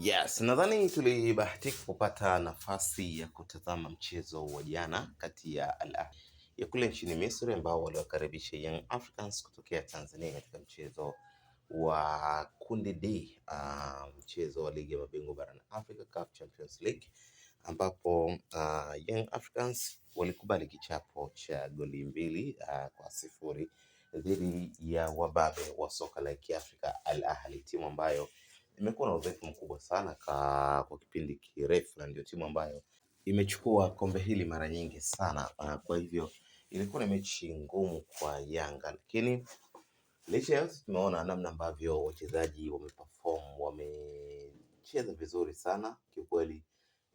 Yes, nadhani tulibahatika kupata nafasi ya kutazama mchezo wa jana kati ya Al Ahly ya kule nchini Misri ambao waliwakaribisha Young Africans kutokea Tanzania katika mchezo wa kundi D, uh, mchezo wa ligi ya mabingwa barani Africa CAF Champions League ambapo uh, Young Africans walikubali kichapo cha goli mbili uh, kwa sifuri dhidi ya wababe wa soka la like Kiafrika Al Ahly, timu ambayo imekuwa na udhaifu mkubwa sana ka, kwa kipindi kirefu, na ndio timu ambayo imechukua kombe hili mara nyingi sana. Ah, kwa hivyo ilikuwa ni mechi ngumu kwa Yanga, lakini licha ya yote tumeona namna ambavyo wachezaji wameperform, wamecheza vizuri sana kiukweli.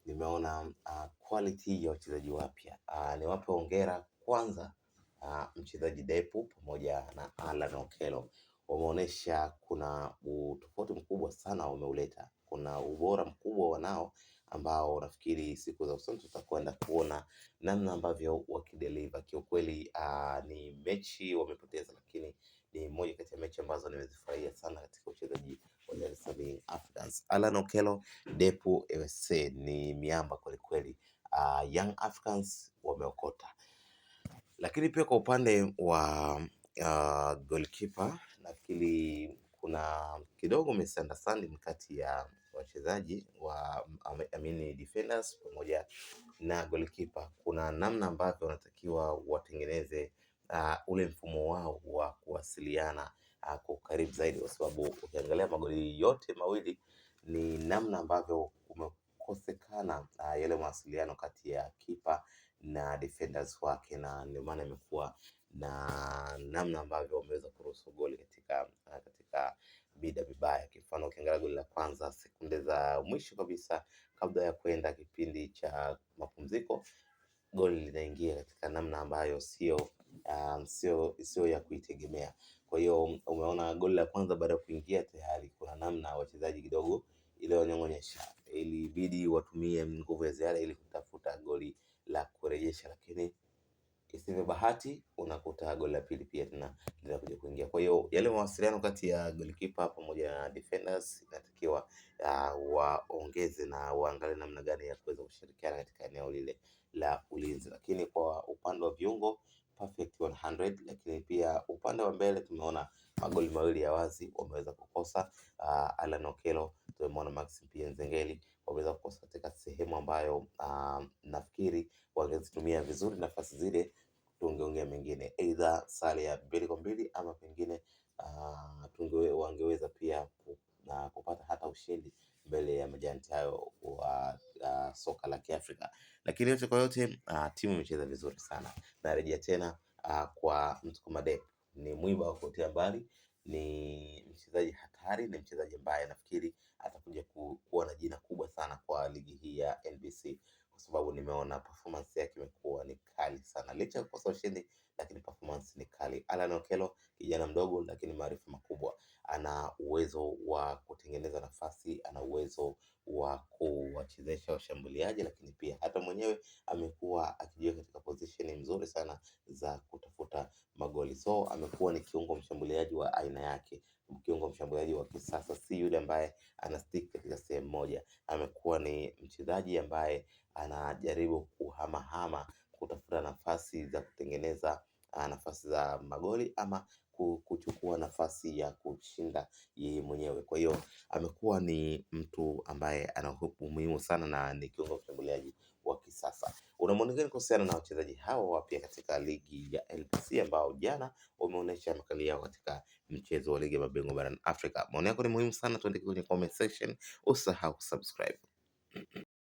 Nimeona uh, quality ya wachezaji wapya uh, niwape hongera kwanza uh, mchezaji Depu pamoja na Alan Okelo wameonyesha kuna utofauti mkubwa sana wameuleta, kuna ubora mkubwa wanao ambao nafikiri siku za usoni tutakwenda kuona namna ambavyo wakideliver. Kiukweli uh, ni mechi wamepoteza, lakini ni moja kati ya mechi ambazo nimezifurahia sana katika uchezaji wa Dar es Salaam Africans. Alan Okello, Depu AFC ni miamba kwelikweli. Uh, ah, Young Africans wameokota, lakini pia kwa upande wa uh, goalkeeper nafikiri kuna kidogo misunderstanding kati ya wachezaji wa mean defenders pamoja na goalkeeper. Kuna namna ambavyo wanatakiwa watengeneze uh, ule mfumo wao wa kuwasiliana uh, kwa ukaribu zaidi, kwa sababu ukiangalia magoli yote mawili ni namna ambavyo kumekosekana uh, yale mawasiliano kati ya kipa na defenders wake, na ndio maana imekuwa na namna ambavyo wameweza kuruhusu goli katika katika bida vibaya. Kimfano, ukiangalia goli la kwanza sekunde za mwisho kabisa kabla ya kwenda kipindi cha mapumziko, goli linaingia katika namna ambayo sio um, sio sio ya kuitegemea. Kwa hiyo umeona goli la kwanza baada ya kuingia tayari kuna namna wachezaji kidogo ili ilibidi watumie nguvu ya ziada ili kutafuta goli la kurejesha, lakini isivyo bahati unakuta goli la pili pia tena linakuja kuingia. Kwa hiyo yale mawasiliano kati ya goalkeeper pamoja na defenders inatakiwa waongeze na waangalie namna gani ya kuweza kushirikiana katika eneo lile la ulinzi. Lakini kwa upande wa viungo perfect 100, lakini pia upande wa mbele tumeona magoli mawili ya wazi wameweza kukosa. Uh, Alan Okelo tumemwona Max pia Nzengeli wameweza kukosa katika sehemu ambayo uh, nafikiri wangezitumia vizuri nafasi zile, tungeongea mengine, aidha sare ya mbili kwa mbili ama pengine ah, tunge wangeweza pia kupata hata ushindi mbele ya majanti hayo wa uh, soka la Kiafrika. Lakini yote kwa yote uh, timu imecheza vizuri sana. Narejea tena uh, kwa Msukuma Dep ni mwiba wa kutia mbali ni mchezaji hatari, ni mchezaji ambaye nafikiri atakuja ku, kuwa na jina kubwa sana kwa ligi hii ya NBC kwa sababu nimeona performance yake imekuwa ni kali sana licha ya kukosa ushindi lakini performance ni kali. Alan Okello kijana mdogo, lakini maarifa makubwa, ana uwezo wa kutengeneza nafasi, ana uwezo wa kuwachezesha washambuliaji, lakini pia hata mwenyewe amekuwa akijiweka katika position nzuri sana za kutafuta magoli, so amekuwa ni kiungo mshambuliaji wa aina yake kiungo mshambuliaji wa kisasa, si yule ambaye ana stick katika sehemu moja. Amekuwa ni mchezaji ambaye anajaribu kuhamahama kutafuta nafasi za kutengeneza Ah, nafasi za magoli ama kuchukua nafasi ya kushinda yeye mwenyewe. Kwa hiyo amekuwa ni mtu ambaye ana umuhimu sana na ni kiungo mshambuliaji wa kisasa. Unamwona gani kuhusiana na wachezaji hawa wapya katika ligi ya NBC ambao jana wameonyesha makali yao katika mchezo wa ligi ya mabingwa barani Afrika. Maoni yako ni muhimu sana, tuandike kwenye comment section, usahau kusubscribe.